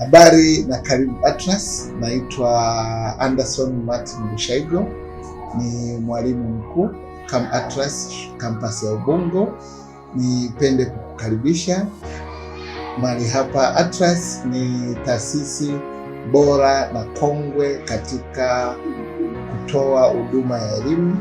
Habari na karibu Atlas. Naitwa Anderson Martin Bushaigo, ni mwalimu mkuu Camp Atlas kampasi ya Ubungo. Nipende kukukaribisha mahali hapa. Atlas ni taasisi bora na kongwe katika kutoa huduma ya elimu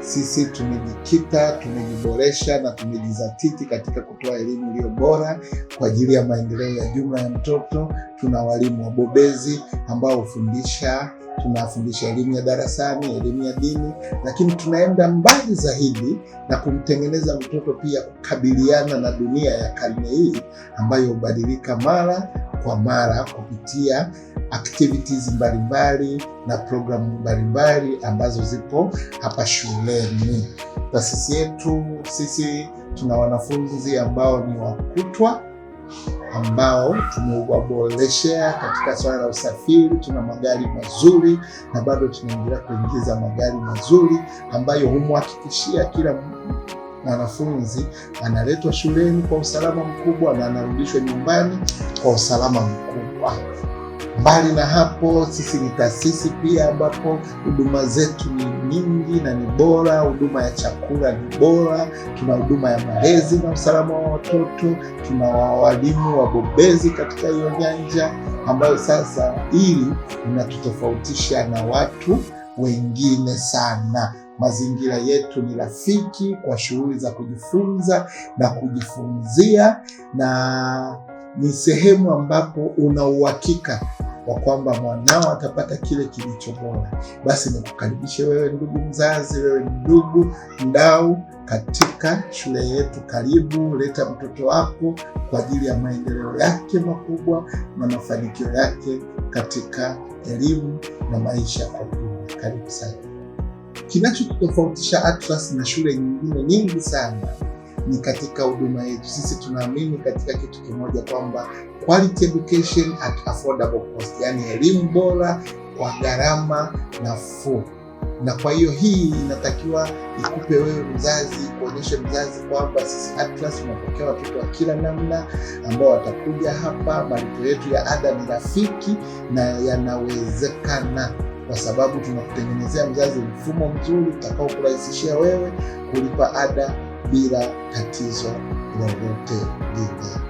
sisi tumejikita, tumejiboresha na tumejizatiti katika kutoa elimu iliyo bora kwa ajili ya maendeleo ya jumla ya mtoto. Tuna walimu wabobezi ambao hufundisha, tunafundisha elimu ya darasani, elimu ya dini, lakini tunaenda mbali zaidi na kumtengeneza mtoto pia kukabiliana na dunia ya karne hii ambayo hubadilika mara kwa mara kupitia activities mbalimbali na programu mbalimbali ambazo zipo hapa shuleni. Taasisi yetu sisi tuna wanafunzi ambao ni wakutwa ambao tumewaboreshea katika swala la usafiri. Tuna magari mazuri na bado tunaendelea kuingiza magari mazuri ambayo humhakikishia kila mwanafunzi analetwa shuleni kwa usalama mkubwa na anarudishwa nyumbani kwa usalama mkubwa. Mbali na hapo, sisi ni taasisi pia ambapo huduma zetu ni nyingi na ni bora. Huduma ya chakula ni bora, tuna huduma ya malezi na usalama wa watoto, tuna walimu wabobezi katika hiyo nyanja, ambayo sasa hili inatutofautisha na watu wengine sana. Mazingira yetu ni rafiki kwa shughuli za kujifunza na kujifunzia, na ni sehemu ambapo una uhakika wa kwamba mwanao atapata kile kilicho bora. Basi nikukaribishe wewe ndugu mzazi, wewe ndugu mdau, katika shule yetu. Karibu, leta mtoto wako kwa ajili ya maendeleo yake makubwa na mafanikio yake katika elimu na maisha kwa ujumla. Karibu sana. Kinachotofautisha Atlas na shule nyingine nyingi sana ni katika huduma yetu. Sisi tunaamini katika kitu kimoja kwamba quality education at affordable cost, yani elimu bora kwa gharama nafuu. Na kwa hiyo hii inatakiwa ikupe wewe mzazi, kuonyeshe mzazi kwamba sisi Atlas tunapokea watoto wa kila namna ambao watakuja hapa. Malipo yetu ya ada ni rafiki na yanawezekana kwa sababu tunakutengenezea mzazi mfumo mzuri utakaokurahisishia wewe kulipa ada bila tatizo lolote lile.